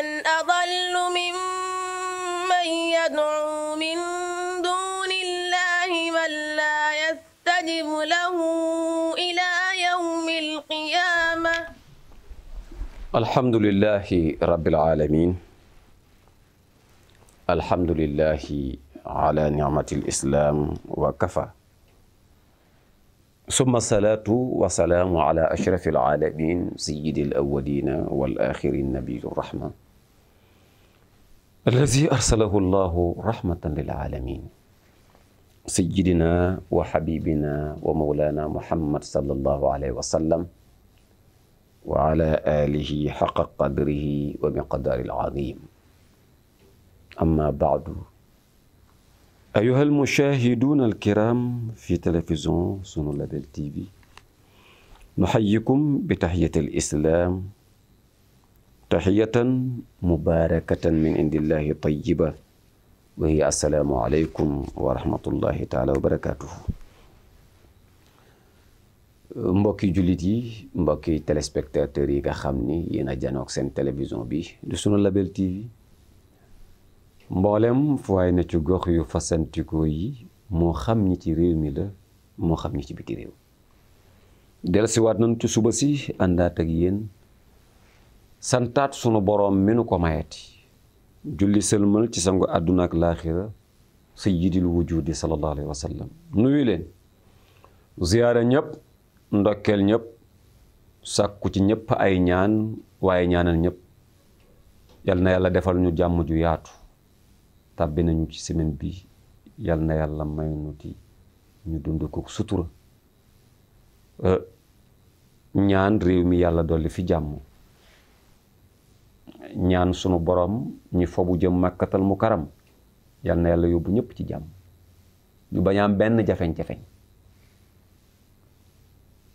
من أضل ممن يدعو من دون الله من لا يستجب له إلى يوم القيامة الحمد لله رب العالمين الحمد لله على نعمة الإسلام وكفى ثم الصلاة والسلام على أشرف العالمين سيد الأولين والآخرين نبي الرحمن allazi arsalahu llahu rahmatan lil alamin sayyidina wa habibina wa mawlana muhammad sallallahu alayhi wa sallam wa ala alihi haqqa qadrihi wa miqdaril azim amma ba'du ayyuha almushahiduna alkiram fi télévision Sunu Label TV nuhayyikum bi tahiyatil islam taxiyatan mubaarakatan min indillahi tayiba wa hiya assalaamu aleykum wa rahmatullahi taala wa barakatuhu mbokki jullit yi mbokki téléspectateurs yi nga xam ni yéen a janoog seen télévision bi du sunu Label TV mboolem fu waay na ci gox yu fasantikoo yi moo xam ñi ci réew mi la moo xam ñi ci biti réew dellusiwaat nañ ci suba si àndaat ak yéen santaat sunu boroom mi nu ko mayati julli sëlmal ci sangu àdduna ak laaxira sayyidil wujudi sallallahu alayhi wa sallam nuyu leen ziyaara ñëpp ndokkeel ñëpp sàkku ci ñëpp ay ñaan waaye ñaanal ñëpp yal na yàlla defal ñu jàmm ju yaatu tàbbi nañu ci semaine bi yal na yàlla may nu di ñu dund ko sutura ñaan réew mi yàlla dolli fi jàmm ñaan sunu boroom ñi fobu jëm màkkatal mu karam yal na yàlla yóbbu ñëpp ci jàmm ñu bañ benn jafeñ-jafeñ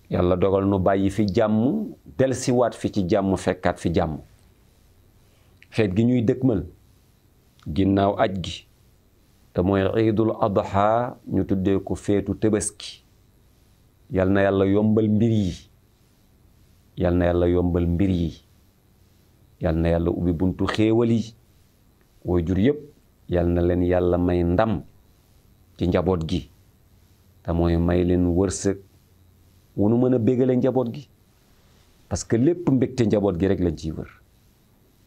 yàlla dogal nu bàyyi fi jàmm delsiwaat fi ci jàmm fekkaat fi jàmm xeet gi ñuy dëkkmal ginnaaw aj gi te mooy iidul adha ñu tuddee ko feetu tëbaski yal na yàlla yombal mbir yi yal na yàlla yombal mbir yi yal na yàlla ubbi buntu xéewal yi way jur yëpp yal na leen yàlla may ndam ci njaboot gi te mooy may leen wërsëg nu mën a bégale njaboot gi parce que lépp mbégte njaboot gi rek lañ ciy wër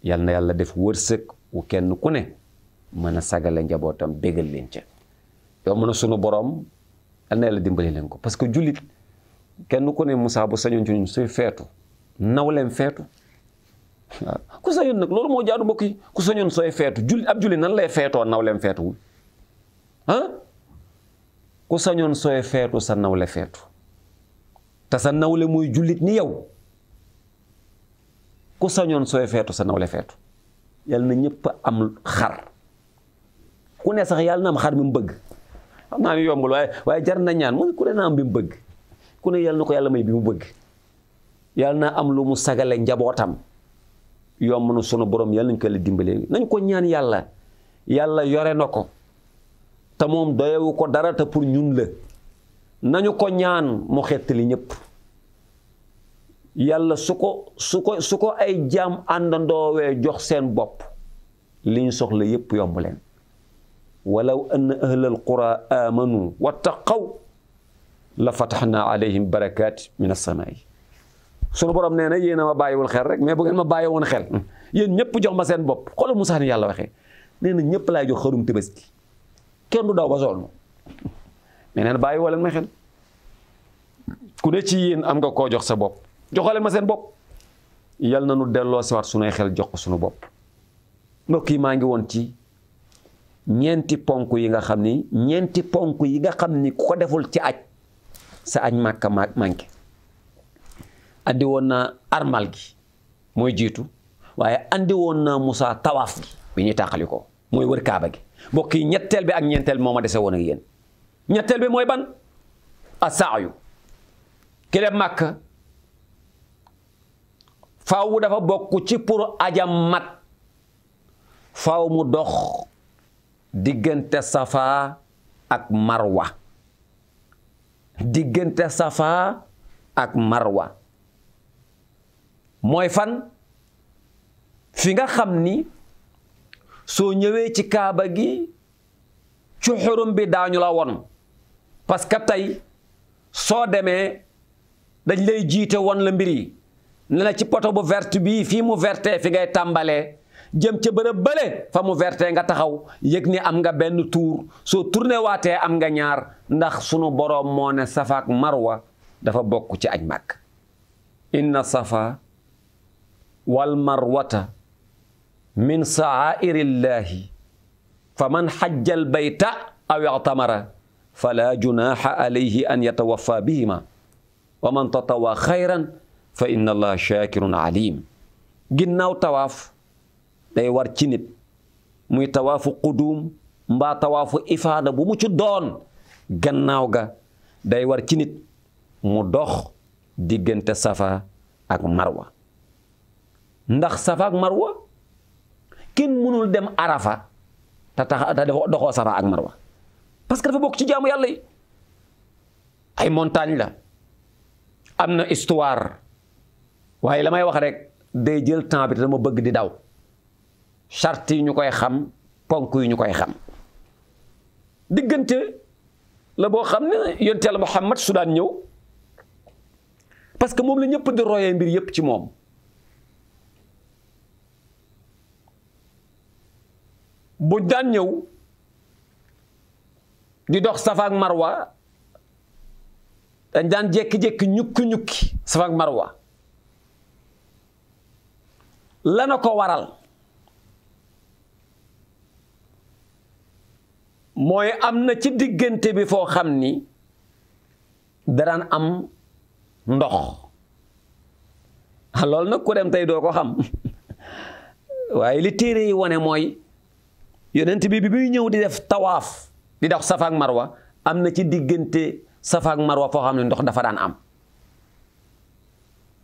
yal na yàlla def wërsëg wu kenn ku ne mën a sagale njabootam bégal leen ca yow mën a sunu borom na yàlla dimbali leen ko parce que jullit kenn ku ne Moussa bu sañoon ci ñun feetu naw feetu waaw ku sañoon mbokk ku sañoon sooy feetu julli ab julli nan lay feetoo nawleem feetuwul ah sañoon sooy feetu sa nawle feetu te sa nawle mooy jullit ni yow ku sañoon sooy feetu sa nawle feetu yal na ñëpp am xar ku ne sax yàlla na am xar mi mu bëgg xam naa mi waaye waaye jar na ñaan mu ku ne na am bi mu bëgg ku ne yàlla na ko yàlla may bi mu bëgg yàlla na am lu mu sagale njabootam yomb na sunu borom yàlla nañ ko la dimbalee nañ ko ñaan yàlla yàlla yore na ko te moom doyewu ko dara te pour ñun la nañu ko ñaan mu li ñëpp yàlla su ko su ko su ko ay jaam àndandoowee jox seen bopp li ñu soxla yépp yomb leen walaw ann ahlal qura amanu wattaqaw la fataxnaa alayhim barakaat min assamaa'i sunu borom nee na yéen a ma bàyyiwul xel rek mais bu ngeen ma bàyyi woon xel mm. yéen ñëpp jox ma seen bopp xoolal sax ni yàlla waxee nee na ñëpp laay jox xarum ki kenn du daw ba sonn mais bàyyi woo leen ma ku ne ci yéen am koo jox sa bopp joxaleen ma seen bopp yal na nu delloo siwaat sunuy xel jox ko sunu bopp mbokk kii maa ngi woon ci ñeenti ponk yi nga xam ni ñeenti ponk yi nga xam ni ku ko deful ci aj sa aj màkka manqué andi woon naa armal gi mooy jiitu waaye andi woon naa Moussa tawaaf gi bi ñuy tàqali mooy wër gi mbokk yi ñetteel bi ak ñeenteel moo ma dese woon ak yéen ñetteel bi mooy ban asaayu kileb màkk faaw dafa bokk ci pour ajam mat faaw mu dox diggante safa ak marwa diggante safa ak marwa mooy fan fi nga xam ni soo ñëwee ci kaaba gi ci bi daañu la woon parce que tey soo demee dañ lay jiite won la mbir yi ne la ci poto bu verte bii fii mu verte fi ngay tàmbalee jëm ca bërëb bële fa mu verte nga taxaw yëg ni am nga benn tuur soo tourné am nga ñaar ndax sunu boroom moo ne safaak marwa dafa bokk ci aj màkk inna safa wal marwata min sa'aa'irillaahi faman hajjal bayta aw i'tamara fala junaha alayhi an yatawaffa bihima wa man tatawwa xayran fa inna allaha shakirun alim ginnaaw tawaaf day war ci nit muy tawaafu quduum mbaa tawaafu ifaada bu mu ci doon gannaaw ga day war ci nit mu dox diggante safa ak marwa ndax safa ak marwa kenn mënul dem arafa te tax te doxoo safa ak marwa parce que bokk ci jaamu yàlla ay montagne la am na histoire waaye la may wax rek day jël temps bi te dama bëgg di daw charte yi ñu koy xam ponk yu ñu koy xam diggante la boo xam ne yonent Yàlla Muhammad su daan ñëw parce que moom la ñëpp di royee mbir yëpp ci moom bu daan ñëw di dox safa marwa dañ daan jékki-jékki ñukki ñukki safa ak marwa lana ko waral mooy am na ci diggante bi foo xam ni daraan am ndox loolu nag ku dem tey doo ko xam waaye li téere yi wane mooy yonent bi bi muy ñëw di def tawaaf di dax safa ak marwa am na ci diggante safa ak marwa foo xam ne ndox dafa daan am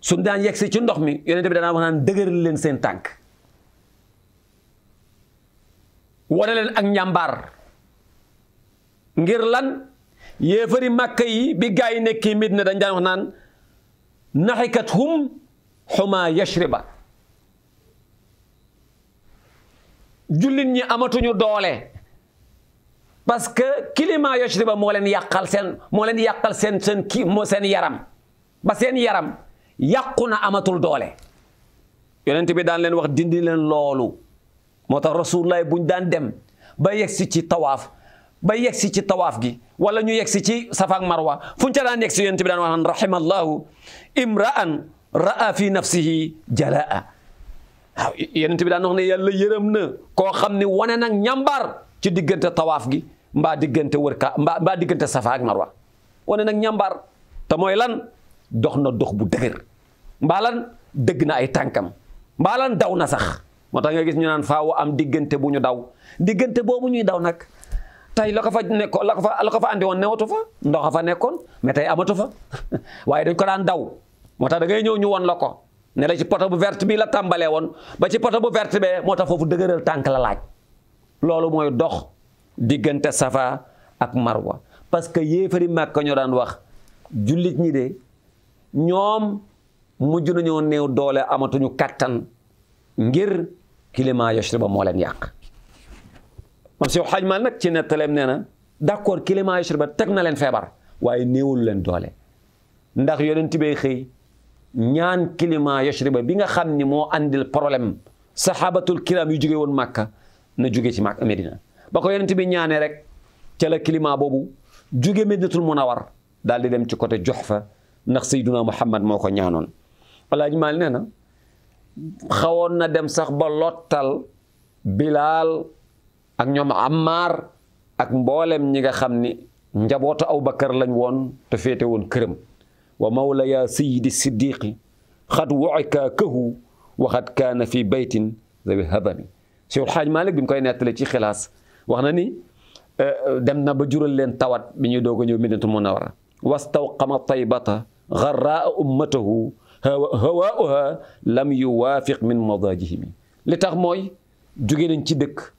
suñ daan yegg si ci ndox mi yonent bi danaa wax naan dëgëral leen seen tànk wane leen ak njàmbaar ngir lan yéefari màkka yi bi gaa nekki nekkee na dañ daan wax naan naxikat hum xuma yashriba jullit ñi amatuñu doole parce que climat yooyu ba moo leen yàqal seen moo leen yàqal seen seen kii moo seen yaram ba seen yaram yàqu na amatul doole yonent bi daan leen wax dindi leen loolu moo tax rasulullah buñ daan dem ba yegsi ci tawaaf ba yegsi ci tawaaf gi wala ñu yegsi ci safa ak marwa fuñ ca daan yegsi yonent bi daan wax naan rahimallahu imra'an ra'a fi nafsihi jalaa waaw yenent bi daan wax ne yàlla yërëm na koo xam ne wane nag ñambaar ci diggante tawaaf gi mbaa diggante wër ka mbaa mbaa diggante safa ak marwa wane nag ñambaar te mooy lan dox na dox bu dëgër mbaa dëgg na ay tànkam mbaa daw na sax moo tax nga gis ñu naan faaw am diggante bu ñu daw diggante boobu ñuy daw nag tey la ko fa nekkoon la ko fa la fa andi woon newatu fa ndox fa nekkoon mais tey amatu fa dañ ko daan daw moo tax da ngay ñëw ñu won la ko ne la ci poto bu verte bi la tàmbalee woon ba ci poto bu verte moo tax foofu dëgëral tànk la laaj loolu mooy dox diggante safa ak marwa parce que yéefari màkka ñoo daan wax jullit ñi de ñoom mujj woon néew doole amatuñu kàttan ngir climat yashri ba moo leen yàq mam si xaj mal nag ci nettaleem nee na d'accord climat yashri ba teg na leen feebar waaye néewul leen doole ndax yonent bi xëy ñaan kilima yashriba bi nga xam ni moo andil problème sahabatul kiram yi jóge woon màkka na jóge ci màkka Medina ba ko yonent bi ñaanee rek ca la kilima boobu jóge Medinatul Munawar daal di dem ci côté Juhfa ndax Sayyiduna Muhammad moo ko ñaanoon Alaaji Maalik nee na xawoon na dem sax ba lottal Bilaal ak ñoom Ammaar ak mboolem ñi nga xam ni njabootu Abubakar lañ woon te féete woon këram wa mawlaya sayidi siddiqi xat waika këhu waxat kaana fi baytin zawi hadami Cheikhul Xaaj Malik bi mu koy nettale ci xilaas wax na ni eh, dem na ba jural leen tawat bi ñuy doog a ñëw Madiinatul Munawwara wastawqama taybata garraa ummatahu hawaauha lam yuwaafiq min madaajihimi li tax mooy jóge nañ ci dëkk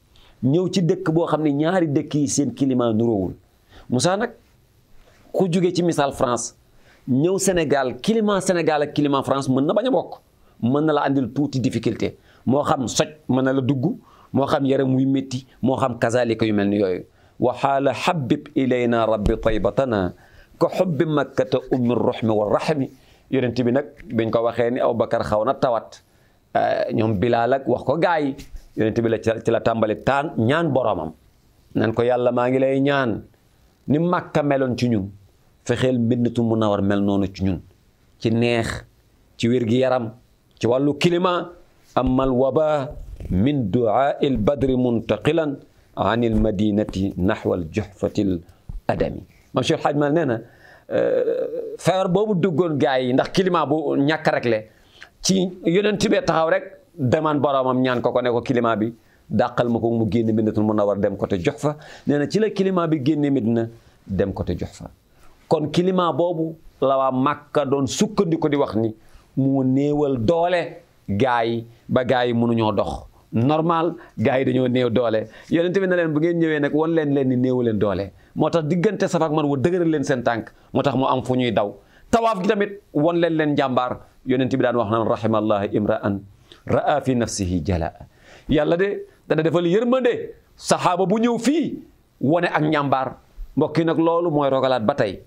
ñëw ci dëkk boo xam ne ñaari dëkk yi seen climat nuróowul Moussa nag ku jóge ci misaal France ñëw Sénégal climat Sénégal ak France mën na bañ a bokk mën na la andil tuuti difficulté moo xam soj mën na la dugg moo xam yaram muy métti moo xam kazalika yu mel ni yooyu wa xaala habib ilayna rabbi taybatana ko xubbi makkata ummi ruxmi wa rahmi bi nag biñ ko waxee ni Aboubacar xaw na tawat euh, ñoom Bilaal wax ko gaay yonent bi la ci la tàmbali taan ñaan boromam nan ko yàlla maa ngi lay ñaan ni màkka meloon ci ñun fexeel Médinatul Munawwara mel noonu ci ñun ci neex ci wér-gi-yaram ci wàllu climat amal waba min du'aail badri muntaqilan an il madinati naxwal juhfatil adami mam Cheikh Hadj Mal nee na euh, feebar boobu duggoon gars yi ndax climat bu ñàkk rek le ci yonent bi taxaw rek demaan boromam ñaan ko ko ne ko climat bi dàqal ma ko mu génne Médinatul Munawwara dem côté Juhfa nee na ci la climat bi génne Médina dem côté Juhfa kon climat boobu la waa Màkka doon sukkandiku di wax ni mu néewal doole gaa yi ba gaa yi mënuñoo dox normal gaa yi dañoo néew doole yonent bi na leen bu ngeen ñëwee nag wan leen leen ni néew leen doole moo tax diggante Safa ak Marwa dëgëral leen seen tànk moo tax mu am fu ñuy daw tawaaf gi tamit wan leen leen njàmbaar yonent bi daan wax naan rahimallahi imra'an ra'a fi nafsihi jala yàlla de dana defal yërmande saxaaba bu ñëw fii wane ak njàmbaar mbokk yi nag loolu mooy rogalaat ba tey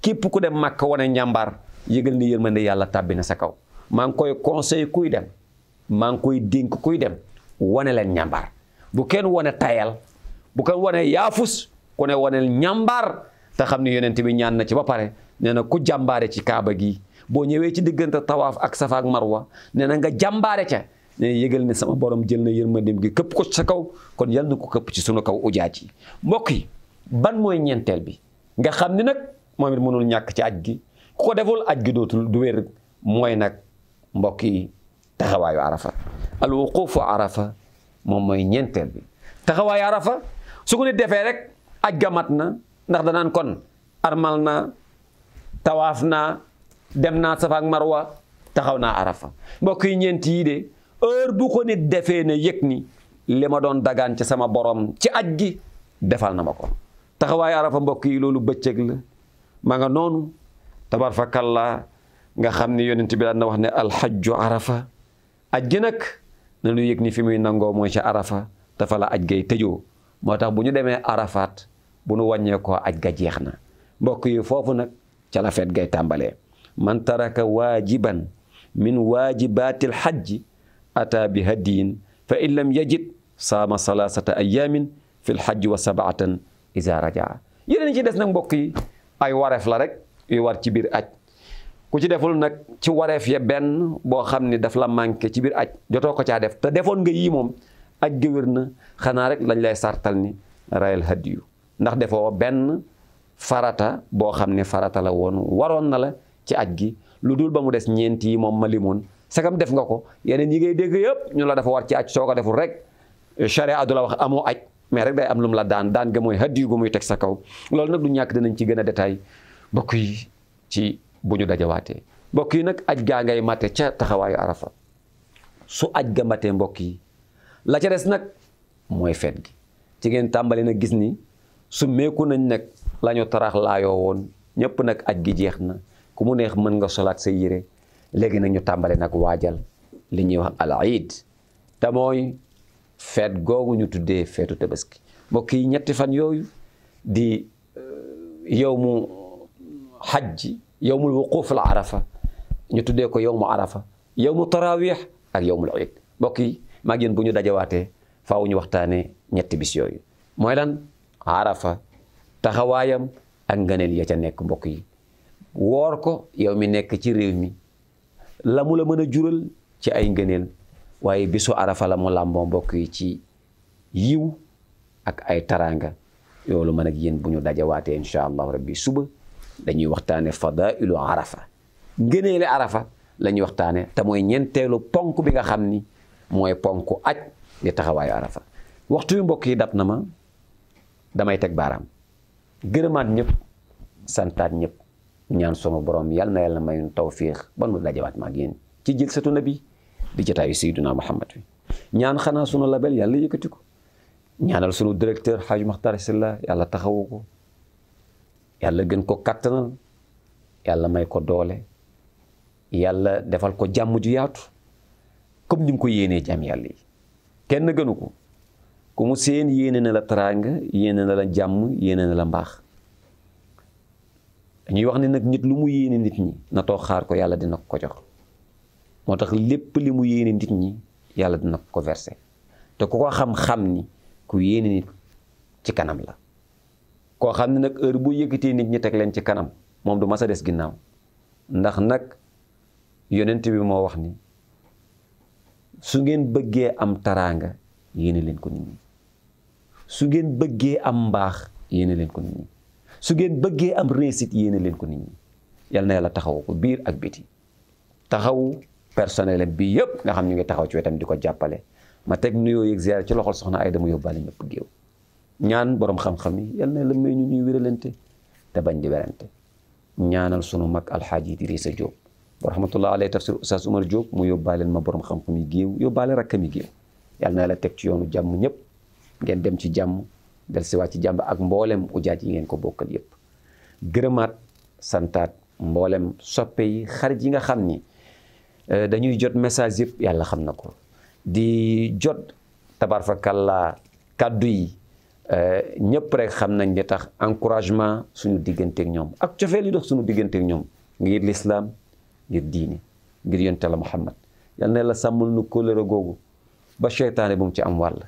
képp ku dem màkk wane njàmbaar yëgal ni yërmande yàlla tàbbi na sa kaw maa ngi koy conseil kuy dem maa ngi koy dénk kuy dem wane leen njàmbaar bu kenn wane tayal bu kenn wane yaafus ku ne waneel njàmbaar te xam ne yonent bi ñaan na ci ba pare nee na ku jàmbaare ci kaaba gi boo ñëwee ci diggante tawaaf ak safa ak marwa nee na nga jàmbaare ca ne yëgal ne sama borom jël na yërmandeem gi këpp ko ci sa kaw kon yal na ko këpp ci sunu kaw ujaaji mbokk yi ban mooy ñeenteel bi nga xam ni nag moom it mënul ñàkk ci aj gi ku ko deful aj gi dootul du wér mooy nag mbokk yi taxawaayu arafa al wuqufu arafa moom mooy ñeenteel bi taxawaayu arafa su ko nit defee rek aj ga mat na ndax danaan kon armal naa tawaaf naa dem naa safa marwa taxaw naa arafa mbokk yi ñeent yii de heure bu ko nit defee ne yëg ni li ma doon dagaan ci sama borom ci aj gi defal na ma ko taxawaayu arafa mbokk yi loolu bëccëg la ma nga noonu tabar fa kàllaa nga xam ne yonent bi daan na wax ne alxajju arafa aj gi nag na lu yëg ni fi muy nangoo mooy ci arafa dafa la aj gay tëjoo moo tax bu ñu demee arafaat bu nu wàññeekoo aj ga jeex na mbokk yi foofu nag ca la feet gay tàmbalee man taraka waajiban min waajibaatil xajji ataa bi hadiyin fa in lam yajid saama salaasata ayaamin fi lxajji wa sabaatan iza rajaa yeneen ci des nag mbokk yi ay wareef la rek yu war ci biir aj ku ci deful nag ci wareef ya benn boo xam ni daf la manqué ci biir aj jotoo ko caa def te defoon nga yii moom aj ga na xanaa rek lañ lay sartal ni rayal hadiyu ndax defoo benn farata boo xam ne farata la woon waroon na la ci aj gi lu dul ba mu des ñeent yi moom ma limoon sagam def nga ko yeneen yi ngay dégg yëpp ñu la dafa war ci aj soo ko deful rek charia du la wax amoo aj mais rek day am lu la daan daan mooy haddi yu gu muy teg sa kaw loolu nag du ñàkk dinañ ci gën a détail mbokk yi ci bu ñu dajawaatee mbokk yi nag aj gaa ngay mate ca taxawaayu arafa su aj ga matee mbokk yi la ca des nag mooy fet gi ci ngeen tàmbali nag gis ni su meeku nañ nag lañu ñu laayoo woon ñëpp nag aj gi jeex na ku mu neex mën nga solaat say yére léegi nag ñu tàmbali nag waajal li ñuy wax al iid te feet googu ñu tuddee feetu tabaski mbokk yi ñetti fan yooyu di euh, yowmu xajji yowmul wuquuf la arafa ñu tuddee ko yowmu arafa mu taraawix ak yowmul iid mbokk yi maag yéen bu ñu dajawaatee faaw ñu waxtaanee ñetti bis yooyu mooy lan arafa taxawaayam ak ngëneel ya ca nekk mbokk yi woor ko yow mi nekk ci réew mi la mu la mën a jural ci ay ngëneel waaye bisu arafa la mu làmboo mbokk yi ci yiw ak ay taraanga yoolu man ak yéen bu ñu dajawaatee incha allahu rabbi suba dañuy waxtaane fadailu arafa ngëneele arafa lañuy ñuy waxtaane te mooy ñeenteelu ponk bi nga xam ni mooy ponk aj di taxawaayu arafa waxtu wi mbokk yi dab na ma damay teg baaraam gërëmaat ñëpp santaat ñëpp ñaan sunu borom yàlla na yàlla mayun tawfiix ba nu dajawaat maag yéen ci jilsatu nabi di jotaayu Seydina Muhammad bi ñaan xanaa sunu label yàlla yëkkati ko ñaanal sunu directeur Hadj Makhtar Sylla yàlla taxawu ko yàlla gën ko kattanal yàlla may ko doole yàlla defal ko jàmm ju yaatu comme ni ko yéenee jàmm yàlla yi kenn gënu ko ku mu seen yéene na la teraanga yéene na la jàmm yéene na la mbaax ñuy wax ne nag nit lu mu yéene nit ñi na too xaar ko yàlla dina ko ko jox moo tax lépp li mu yéene nit ñi yàlla dina ko versé te ku ko xam-xam ni ku yéene nit ci kanam la koo xam ne nag heure bu yëkkatee nit ñi teg leen ci kanam moom duma mas des ginnaaw ndax nag yonent bi moo wax ni su ngeen bëggee am taraanga yéene leen ko nit ñi su ngeen bëggee am mbaax yéene leen ko nit ñi su ngeen bëggee am réussite yéene leen ko nit ñi na yàlla taxawu ko biir ak biti taxawu personnel bi yëpp nga xam ñu ngi taxaw ci wetam di ko jàppale ma teg nuyoo yeeg ziar ci loxol soxna Ayda mu yóbbaale ñëpp géew ñaan borom xam-xam yi yal na la may ñu ñuy wéralante te bañ di werante ñaanal sunu mag alxaaji Idrissa Diop wa rahmatullah alayhi tafsir Oustaz Oumar Diop mu yóbbaaleel ma borom xam-xam yi géew yóbbaale rakkam yi géew yal na la teg ci yoonu jàmm ñëpp ngeen dem ci jàmm del siwaat ci jàmm ak mboolem ujaaj yi ngeen ko bokkal yëpp gërëmaat santaat mboolem soppe yi xarit nga xam ni Euh, dañuy jot message yëpp yàlla xam na ko di jot tabarfakalla kàddu yi euh, ñëpp rek xam nañ ne tax encouragement suñu digganteeg ñoom ak cofeel yi dox suñu digganteeg ñoom ngir lislaam ngir diine ngir yonte la Muhammad yal na la sàmmal nu kóllëre googu ba seytaane bu mu ci am wàll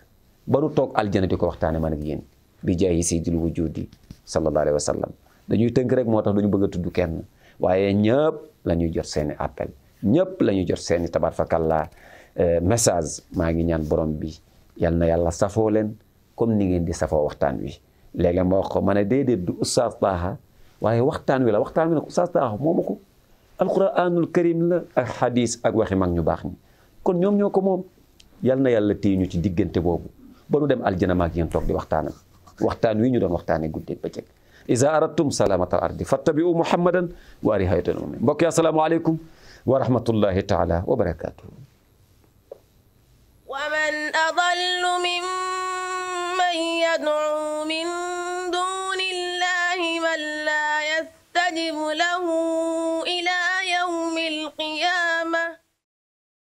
ba nu toog aljana di ko waxtaane man ak yéen bi jaayi sayyidil wujudi sallallahu alayhi wa sallam dañuy tënk rek moo tax duñu bëgg a tudd kenn waaye ñëpp la ñuy jot seeni appel ñëpp la ñu jot seeni tabarfakalla eh, message maa ngi ñaan borom bi yal na yàlla safoo leen comme ni ngeen di safoo waxtaan wi léegi ma wax ko ma ne déedéet du Oustaz Taha waaye waxtaan wi la waxtaan wi nag Oustaz Taha moomu ko alquranul karim la ak xadis ak waxi mag ñu baax ñi kon ñoom ñoo ko moom yal na yàlla téye ñu ci diggante boobu ba nu dem aljana maag yéen toog di waxtaanal waxtaan wi ñu doon waxtaane guddeeg bëccëg iza aradtum salaamatal ardi fattabi'u muhammadan wa rihayatan mbokk yi asalaamaaleykum wa rahmatullahi taala wa barakaatuh wa man adallu mimman yad'u min duni llahi man la yastajibu lahu